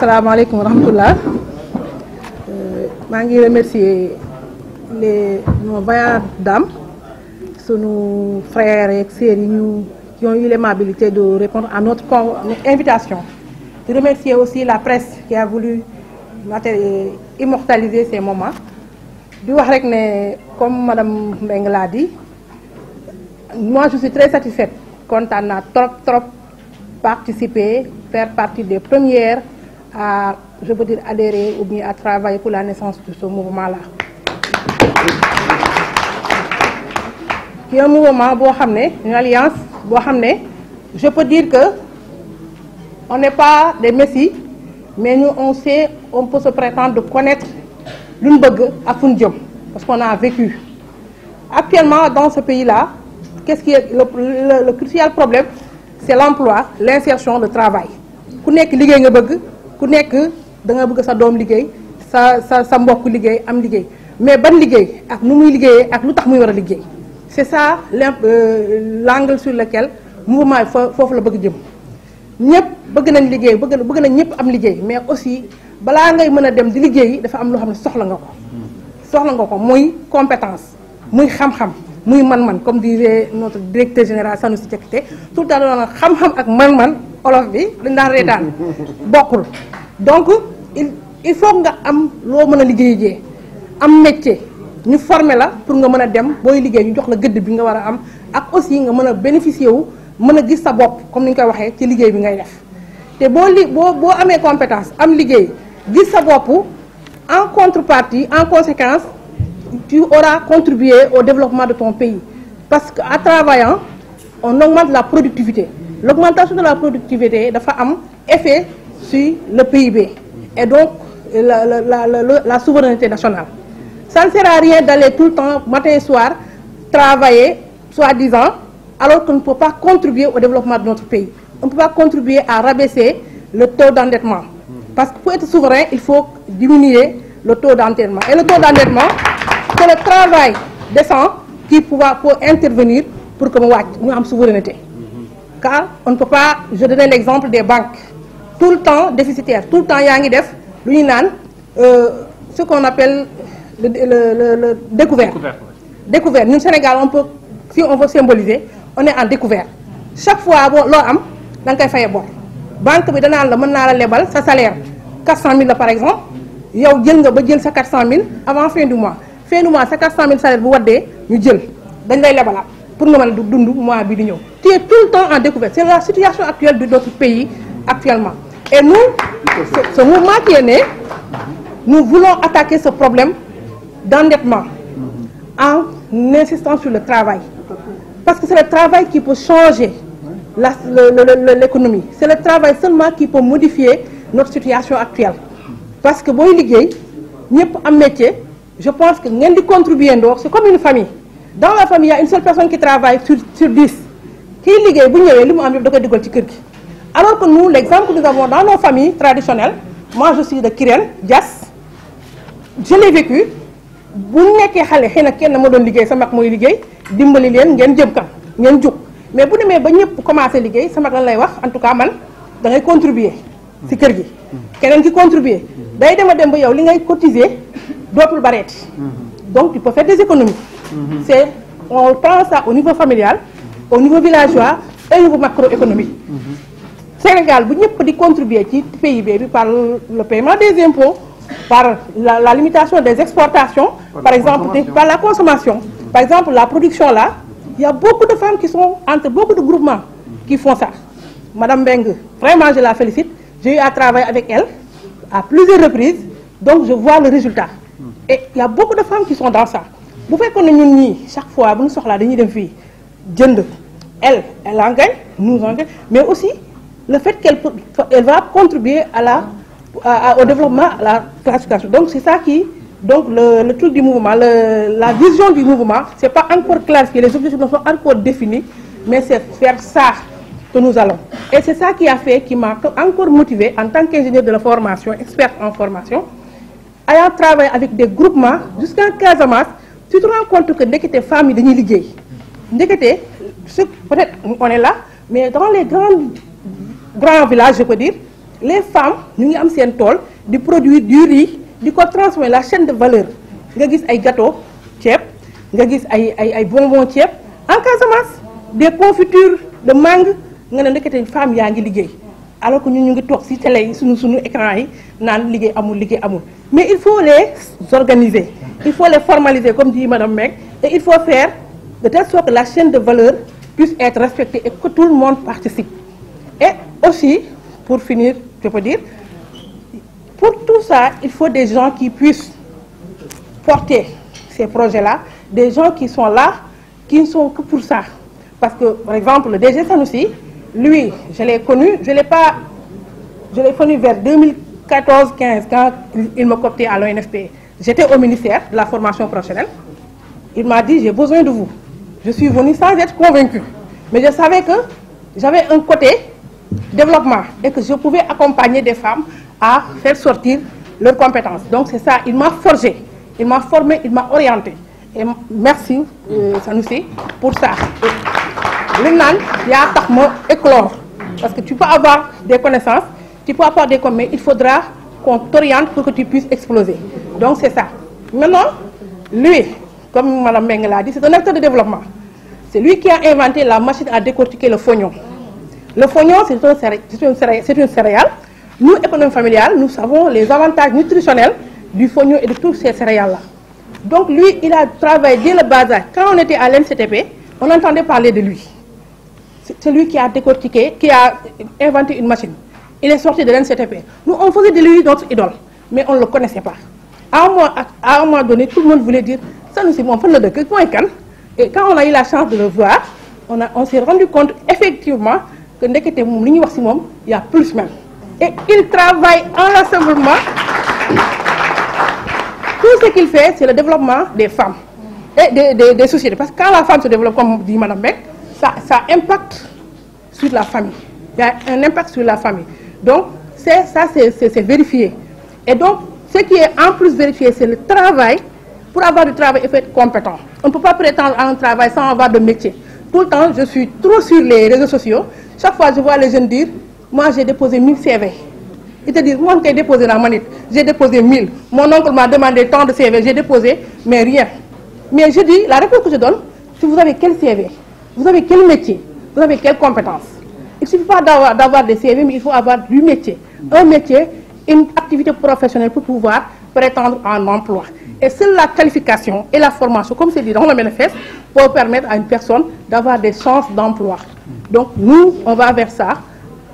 Je alaikum, rahmatullah remercier les nos vaillantes dames nos frères et sœurs qui ont eu l'amabilité de répondre à notre invitation Je remercie aussi la presse qui a voulu immortaliser ces moments comme madame Bengel a dit moi je suis très satisfaite on a trop trop participé, faire partie des premières à, je veux dire, adhérer ou bien à travailler pour la naissance de ce mouvement-là. qui est un mouvement, une alliance, je peux dire que on n'est pas des messies, mais nous, on sait, on peut se prétendre de connaître l'Unbug à Fundium, parce qu'on a vécu. Actuellement, dans ce pays-là, qu'est-ce qui est le, crucial problème C'est l'emploi, l'insertion, le travail. Vous n'êtes que ku nekk da nga bëgg sa doom liggéey sa sa sa mbokk liggéey am liggéey mais ban liggéey ak nu muy liggéeyee ak lu tax muy war a liggéey c'est ça euh, l'angle sur lequel mouvement fa foofu la bëgg jëm ñëpp bëgg nañ liggéey bëgg bëgg nañ ñëpp am liggéey mais aussi balaa ngay mën a dem di liggéey dafa am loo xam ne soxla nga ko hmm. soxla nga ko muy compétence muy xam-xam muy man-man comme disait notre directeur général Sanusi Diakité tout le temps doon xam-xam ak man-man olof bi dañ daan reetaan bokkul donc il il faut nga am loo mën a liggéeyee am métier ñu former la pour nga mën a dem booy liggéey ñu jox la gëdd bi nga war a am ak aussi nga mën a bénéficier wu mën a gis sa bopp comme ni ñu koy waxee ci liggéey bi ngay def te boo li boo boo amee compétence am liggéey gis sa bopp en contrepartie en conséquence tu auras contribué au développement de ton pays. Parce qu'en travaillant, on augmente la productivité. L'augmentation de la productivité a un effet sur le PIB et donc la, la souveraineté nationale. Ça ne sert à rien d'aller tout le temps, matin et soir, travailler, soi-disant, alors qu'on ne peut pas contribuer au développement de notre pays. On ne peut pas contribuer à rabaisser le taux d'endettement. Parce que pour être souverain, il faut diminuer le taux d'endettement. Et le taux d'endettement c'est le travail décent qui pourra intervenir pour que nous soyons souveraineté car on ne peut pas je donne l'exemple des banques tout le temps déficitaires, tout le temps y a def lu euh, ce qu'on appelle le le le, découvert découvert au Sénégal on peut si on veut symboliser on est en découvert chaque fois bon banque, am fait nga banque bi donne le mën la salaire 400 000 par exemple yow y nga ba 000 400 000 avant fin du mois pour tout le temps en découverte c'est la situation actuelle de notre pays actuellement et nous ce mouvement qui est né nous voulons attaquer ce problème d'endettement en insistant sur le travail parce que c'est le travail qui peut changer l'économie c'est le travail seulement qui peut modifier notre situation actuelle parce que booy liggéey ñëpp un métier je pense que ngeen di contribuer ndox c'est comme une famille dans la famille il y a une seule personne qui travaille sur sur 10. kii liggéey bu ñëwee li pas, am yëpp da koy ci kër alors que nous l'exemple que nous avons dans nos familles traditionnelles moi je suis de Kirel, Dias je l'ai vécu bu n'avez xale xëy na kenn ma doon liggéey sa mag mooy liggéey dimbali leen ngeen jëm kam ngeen jug mais bu demee ba ñëpp commencé ça sa mag lan lay wax en tout cas man da contribuer ci kër gi qui ki contribuer day dema dem ba yow li ngay cotiser plus barrette. Mhm. donc tu peux faire des économies mhm. c'est on prend ça au niveau familial au niveau villageois et au niveau macroéconomique mhm. Sénégal bu pouvez pas contribuer ci PIB par le paiement des impôts par la, limitation des exportations par, exemple par la consommation par exemple la production là il y a beaucoup de femmes qui sont entre beaucoup de groupements qui font ça Madame Bengue, vraiment je la félicite j'ai eu à travailler avec elle à plusieurs reprises donc je vois le résultat et il y a beaucoup de femmes qui sont dans ça Vous faites qu'on une ñii chaque fois nous ñu la ligne dem nous, fille, elle elle en gagne nous en mais aussi le fait qu'elle va contribuer à au développement à la classification donc c'est ça qui donc le truc du mouvement la vision du mouvement c'est pas encore que les objectifs ne sont encore définis mais c'est faire ça que nous allons et c'est ça qui a fait qui m'a encore motivé en tant qu'ingénieur de la formation experte en formation ayant travaillé avec des groupements jusqu'en mars, tu te rends compte que dès femmes tes dañuy liggéey ndekete peut-être on est là mais dans les grands grands villages je peux dire les femmes nous avons un tol, du produit, du riz du quoi transformer la chaîne de valeur nga gis des gâteaux, ceeb nga gis ay ay ay en 15 en des confitures de mangue nga ne des femmes yaa ngi alors que nous, nous ngi télé nous suñu écran yi ligue amour. mais il faut les organiser il faut les formaliser comme dit madame Meg et il faut faire de telle sorte que la chaîne de valeur puisse être respectée et que tout le monde participe et aussi pour finir je peux dire pour tout ça il faut des gens qui puissent porter ces projets là des gens qui sont là qui ne sont que pour ça parce que par exemple le DG aussi, lui, je l'ai connu, je l'ai pas, je l'ai connu vers 2014-15 quand il m'a copté à l'ONFP. J'étais au ministère de la formation professionnelle. Il m'a dit, j'ai besoin de vous. Je suis venu sans être convaincu. Mais je savais que j'avais un côté développement et que je pouvais accompagner des femmes à faire sortir leurs compétences. Donc c'est ça, il m'a forgé, il m'a formé, il m'a orienté. Et merci, euh, Sanoussi, pour ça il y a mot éclore parce que tu peux avoir des connaissances tu peux avoir des connaissances, mais il faudra qu'on t'oriente pour que tu puisses exploser donc c'est ça maintenant lui comme Mme Mengela a dit c'est un acteur de développement c'est lui qui a inventé la machine à décortiquer le fognon le fognon c'est une céréale nous économie familiale nous savons les avantages nutritionnels du fognon et de tous ces céréales là donc lui il a travaillé dès le bas quand on était à l'NCTP on entendait parler de lui celui qui a décortiqué, qui a inventé une machine. Il est sorti de l'NCTP. Nous, on faisait de lui notre idole, mais on ne le connaissait pas. À un, moment, donné, tout le monde voulait dire ça nous c'est mon fan de Kekouan Et quand on a eu la chance de le voir, on, s'est rendu compte effectivement que dès était Moumlini maximum, il y a plus même. Et il travaille en rassemblement. Tout ce qu'il fait, c'est le développement des femmes et des, sociétés. Parce que quand la femme se développe, comme dit Mme Beck, ça, impacte sur la famille. Il y a un impact sur la famille. Donc, ça, c'est vérifié. Et donc, ce qui est en plus vérifié, c'est le travail. Pour avoir du travail, il faut être compétent. On ne peut pas prétendre à un travail sans avoir de métier. Tout le temps, je suis trop sur les réseaux sociaux. Chaque fois, je vois les jeunes dire, moi, j'ai déposé 1000 CV. Ils te disent, moi, j'ai déposé la manette, j'ai déposé 1000. Mon oncle m'a demandé tant de CV, j'ai déposé, mais rien. Mais je dis, la réponse que je donne, si vous avez quel CV vous avez quel métier Vous avez quelle compétences Il ne suffit pas d'avoir des CV, mais il faut avoir du métier. Un métier, une activité professionnelle pour pouvoir prétendre à un emploi. Et c'est la qualification et la formation, comme c'est dit dans le manifeste, pour permettre à une personne d'avoir des chances d'emploi. Donc nous, on va vers ça,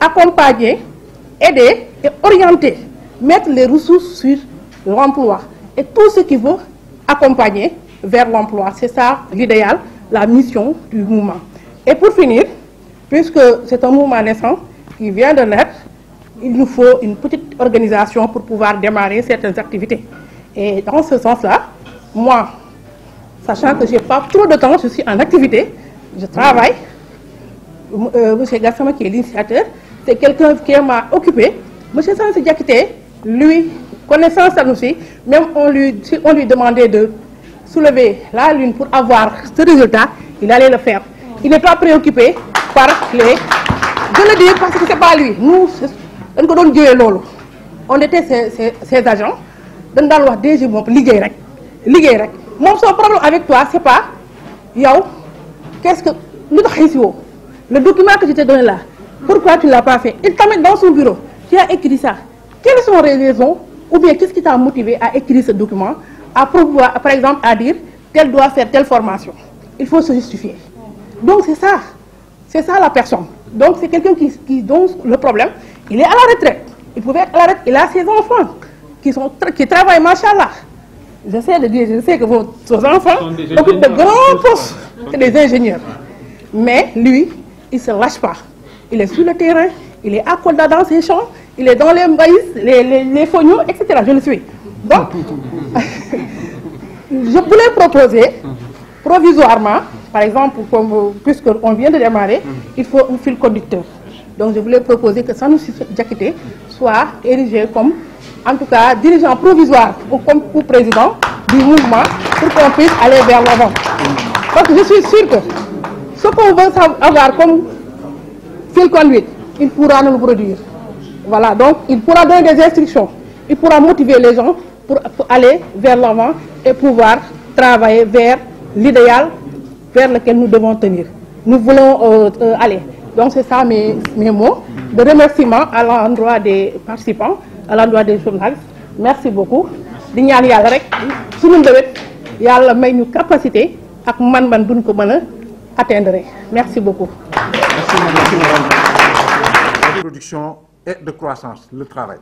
accompagner, aider et orienter, mettre les ressources sur l'emploi. Et tout ce qui veut accompagner vers l'emploi, c'est ça l'idéal la mission du mouvement. Et pour finir, puisque c'est un mouvement naissant qui vient de naître, il nous faut une petite organisation pour pouvoir démarrer certaines activités. Et dans ce sens-là, moi, sachant que je pas trop de temps, je suis en activité, je travaille. Euh, M. Gassama, qui est l'initiateur, c'est quelqu'un qui m'a occupé. M. Sansi lui, connaissant ça aussi, même on lui, on lui demandait de soulever la Lune pour avoir ce résultat, il allait le faire. Il n'est pas préoccupé par les... Je le dis parce que ce n'est pas lui. Nous, on était ses, ses, ses agents. Nous avons dit, Mon son problème avec toi, c'est pas, Yo, qu'est-ce que... Le document que je t'ai donné là, pourquoi tu ne l'as pas fait Il t'a mis dans son bureau. Tu as écrit ça. Quelles sont les raisons ou bien qu'est-ce qui t'a motivé à écrire ce document à pouvoir, par exemple, à dire qu'elle doit faire telle formation. Il faut se justifier. Donc c'est ça. C'est ça la personne. Donc c'est quelqu'un qui, qui, dont le problème, il est à la retraite. Il pouvait être à la retraite. Il a ses enfants qui, sont, qui travaillent, machallah. j'essaie de dire, je sais que vos, enfants occupent de grands postes, des ingénieurs. Mais lui, il se lâche pas. Il est sur le terrain, il est à Kolda dans ses champs, il est dans les maïs, les, les, etc. Je le suis. Donc, je voulais proposer provisoirement, par exemple, on vient de démarrer, il faut un fil conducteur. Donc je voulais proposer que nous Diakité soit érigé comme, en tout cas, dirigeant provisoire ou comme président du mouvement pour qu'on puisse aller vers l'avant. Parce que je suis sûr que ce qu'on veut avoir comme fil conducteur, il pourra nous le produire. Voilà, donc il pourra donner des instructions, il pourra motiver les gens, pour, aller vers l'avant et pouvoir travailler vers l'idéal vers lequel nous devons tenir. Nous voulons euh, euh, aller. Donc c'est ça mes, mes, mots de remerciement à l'endroit des participants, à l'endroit des journalistes. Merci beaucoup. di capacité à man-man merci beaucoup. Production et de croissance, le travail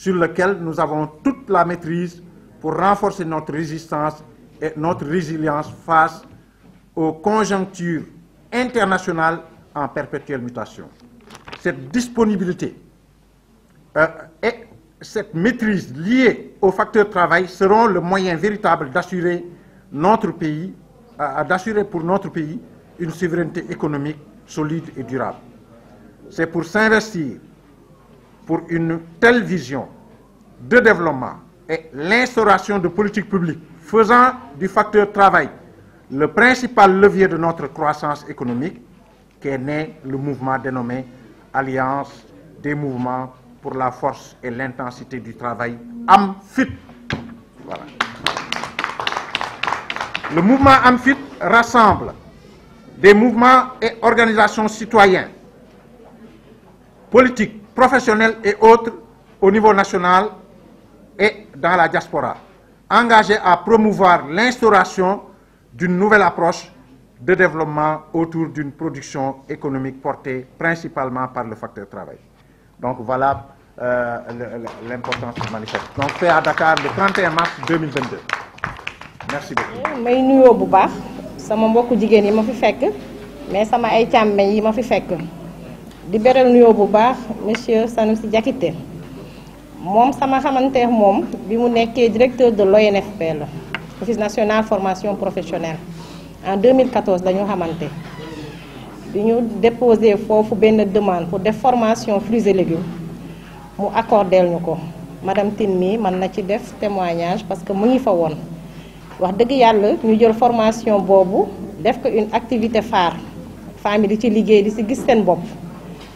sur lequel nous avons toute la maîtrise pour renforcer notre résistance et notre résilience face aux conjonctures internationales en perpétuelle mutation. Cette disponibilité euh, et cette maîtrise liée aux facteurs de travail seront le moyen véritable d'assurer notre pays, euh, d'assurer pour notre pays une souveraineté économique solide et durable. C'est pour s'investir pour une telle vision de développement et l'instauration de politiques publiques faisant du facteur travail le principal levier de notre croissance économique qu'est né le mouvement dénommé Alliance des mouvements pour la force et l'intensité du travail, AMFIT. Le mouvement AMFIT rassemble des mouvements et organisations citoyens, politiques, professionnels et autres au niveau national et dans la diaspora, engagés à promouvoir l'instauration d'une nouvelle approche de développement autour d'une production économique portée principalement par le facteur travail. Donc voilà euh, l'importance du manifeste. Donc fait à Dakar le 31 mars 2022. merci beaucoup. may suis ma mais sama ay di beral nuyoo bu baax monsieur Sanoussi Diakité moom sama xamante moom bi mu directeur de l'ONFP la office national formation professionnelle en 2014 dañu xamante bi ñu déposé foofu demande pour des formations fruits et légumes mu accordeel ñu ko madame Tinmi, mi mën na ci def témoignage parce que mu ngi fa woon wax dëgg yàlla ñu jël formation boobu def ko une activité phare famille di ci liggéey di si gis seen bopp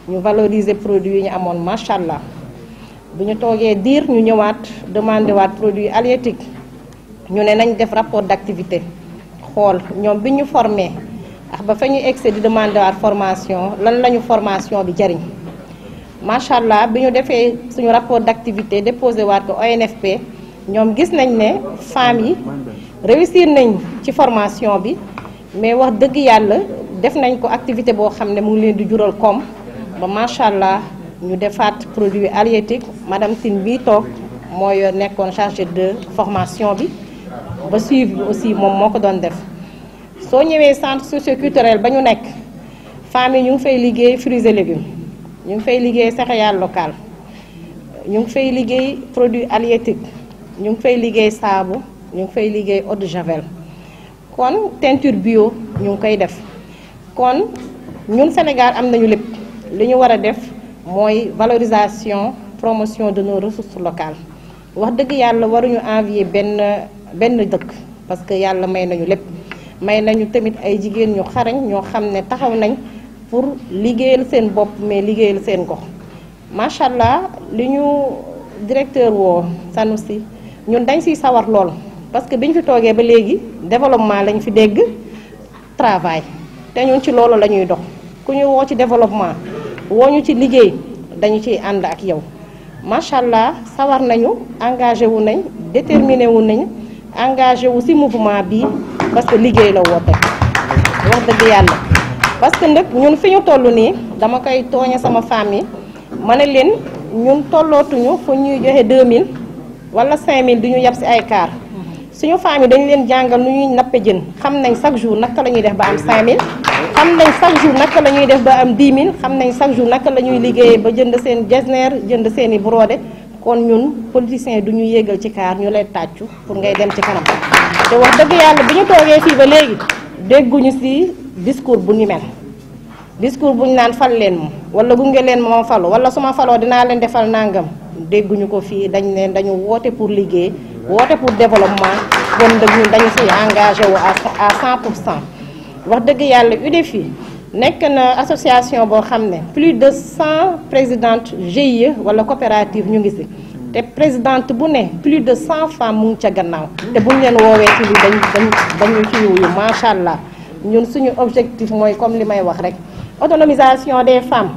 ñu valoriser produit ñu amone machallah buñu togué ñu diir ñu ñëwaat demandé waat produit halieutique ñu ne nañ def rapport d'activité xol ñom biñu ñu formé ax ba fañu ñu di demandé waat formation lan lañu formation bi jariñ machallah biñu défé suñu rapport d'activité déposé waat ko ONFP ñom gis nañ né femmes yi réussir nañ ci formation bi mais wax dëgg yalla def nañ ko activité bo xamné mu ngi leen di jural comme masha'Allah, nous défat produits halieutiques. Madame Tin moi, je suis en charge de formation. Je suis aussi mon mot de l'ONDEF. Nous on est centre socioculturel, nous sommes les familles qui fait des fruits et légumes. Nous faisons des céréales locales. Nous fait des produits halieutiques. Nous fait des sabots. Nous fait des eaux de javel. Nous faisons des teintures bio. Nous faisons des. Nous, au Sénégal, nous avons li ñu war a def mooy valorisation promotion de nos ressources locales wax dëgg yàlla waruñu envier benn benn dëkk parce que yàlla may nañu lépp may nañu tamit ay jigéen ñu xarañ ñoo xam ne taxaw nañ pour liggéeyal seen bopp mais liggéeyal seen gox macha allah li ñu directeur woo Sanoussi ñun dañ siy sawar lool parce que biñ fi toogee ba léegi développement lañ fi dégg travail te ñun ci loolu la ñuy dox ku ñu woo ci développement woo ñu ci liggéey dañu ci ànd ak yow macha allah sawar nañu engagé wu nañ déterminé wu nañ engagé wu ci mouvement bi parce que liggéey la woote wax dëgg yàlla parce que nag ñun fi ñu toll nii dama koy tooñe sama famille ma ne leen ñun tollootuñu fu ñuy joxe 2000 wala 5000 du ñu yab ci ay kaar suñu yi dañu leen jàngal nu ñuy nappe jën xam nañ chaque jour naka lañuy def ba am 5000 xam nañ chaque jour naka la ñuy def ba am 10 xam nañ chaque jour naka lañuy ñuy liggéeyee ba jënd seen jesneer jënd seeni i kon ñun politiciens du ñu yéegal ci kaar ñu lay tàccu pour ngay dem ci kanam te wax dëgg yàlla bi ñu toogee fii ba léegi dégguñu si discours bu ni mel discours bu ñu naan fal leen moom wala gunge leen moom falu wala su ma faloo dinaa leen defal nangam dégguñu ko fii dañ leen dañu woote pour liggéey Pour pour développement nous sommes dañu engagé à 100 Il y a dëgg yàlla UDEFI na association qui a plus de 100 présidentes GIE la coopérative Nous avons plus de 100 femmes qui ont été gannaaw te buñ leen woowee ci objectif comme autonomisation des femmes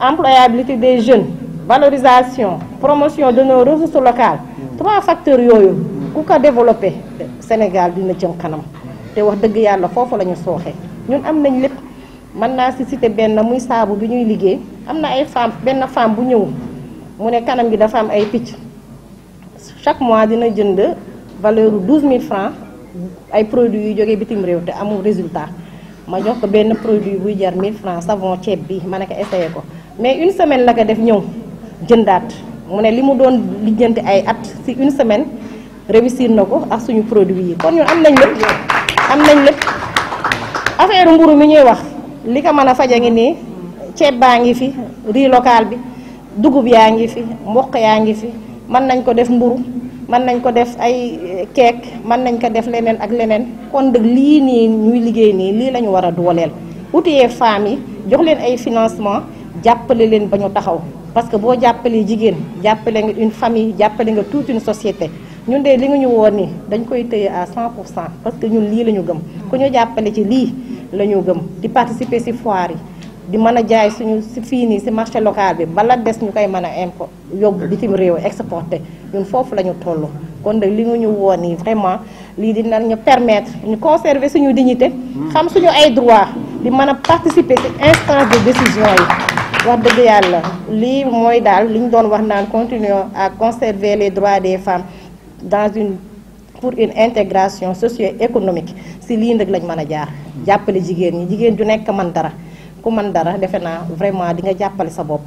employabilité des jeunes valorisation promotion de nos ressources locales trois facteurs qui ku développé Sénégal dina kanam té wax dëgg Yalla la soxé ñun am nañ si cité benn muy saabu bi ñuy liggé amna ay femme bu mu kanam chaque mois dina jënd valeur 000 francs ay produits yu bitim résultat ma produit 1000 francs savon ceeb bi mais une semaine la ko def mu ne li mu doon lijjanti ay at ci une semaine réussir na ko ak suñu produit yi kon ñun am nañ lépp am nañ lépp affaire mburu mi ñuy wax li ko mën a faj a ngi nii ceeb baa ngi fi riz local bi dugub yaa ngi fi mboq yaa ngi fi mën nañ ko def mburu mën nañ ko def ay eh, keek mën nañ ko def leneen ak leneen kon dëgg lii nii ñuy liggéey nii lii lañu ñu war a dooleel outiller femmes yi jox leen ay financement jàppale leen ba ñu taxaw parce que boo jàppalee jigéen jàppale une famille jàppale toute une société ñun de li nga ni dañ koy téye à 100 parce que ñun lii la ñu gëm ku ñu jàppale ci lii la ñu gëm di participer ci foire de di mën a jaay suñu ci fii nii ci marché local bi bala des ñu koy mën a import yóbbu bitim réew exporté ñun foofu la ñu Quand kon nag nous nga ñu ni vraiment lii dina ñu permettre ñu conserver suñu dignité hmm. xam suñu ay droit di mën participer ci instance de décision yi wax dëgg yàlla lii mooy daal li ñu doon wax naan continuons à conserver les droits des femmes dans une pour une intégration socio-économique si lii nag lañ mën a jaar jàppale jigéen ñi jigéen ju nekk man dara ku man dara defe naa vraiment di nga jàppale sa bopp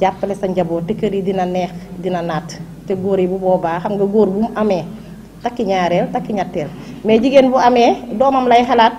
jàppale sa njaboot te kër yi dina neex dina naat te góor yi bu boobaa xam nga góor bu mu amee takki ñaareel takki ñetteel mais jigéen bu amee doomam lay xalaat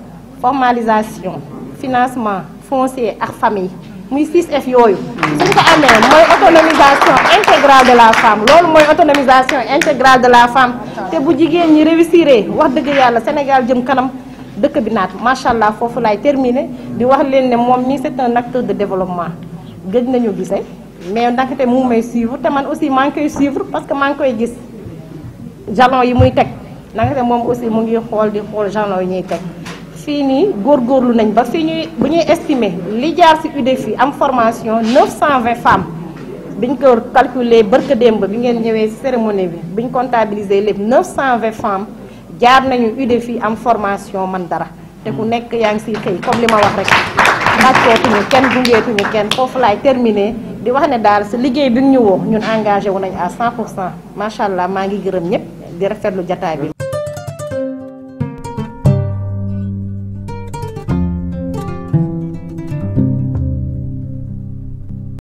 formalisation financement foncier ak famille muy 6F yooyu suñ ko amee mooy autonomisation intégrale de la femme loolu mooy autonomisation intégrale de la femme te bu jigéen ñi réussir wax dëgg yàlla Sénégal jëm kanam dëkk bi naat macha allah foofu laay terminer di wax leen ne moom mii c'est un acte de développement gëj nañu gisee mais ndaxte mu may suivre te man aussi maa koy suivre parce que maa ngi koy gis jalon yi muy teg ndaxte moom aussi mu ngi xool di xool jalon yi ñuy teg fii nii góorgóorlu nañ ba fi ñuy bu ñuy estimer li jaar si UDEFI am formation 920 femmes biñ ko calculer barka démb bi ngeen ñëwee si cérémonie bi biñ comptabiliser lépp 920 femmes jaar nañu UDEFI am formation man dara te ku nekk yaa ngi siy xëy comme li ma wax rek laajkootuñu kenn gungeetuñu kenn foofu laay terminer di wax ne daal sa liggéey bi ñu woo ñun engagé wu nañ à 100 pour cent macha allah maa ngi gërëm ñëpp di rafetlu jataay bi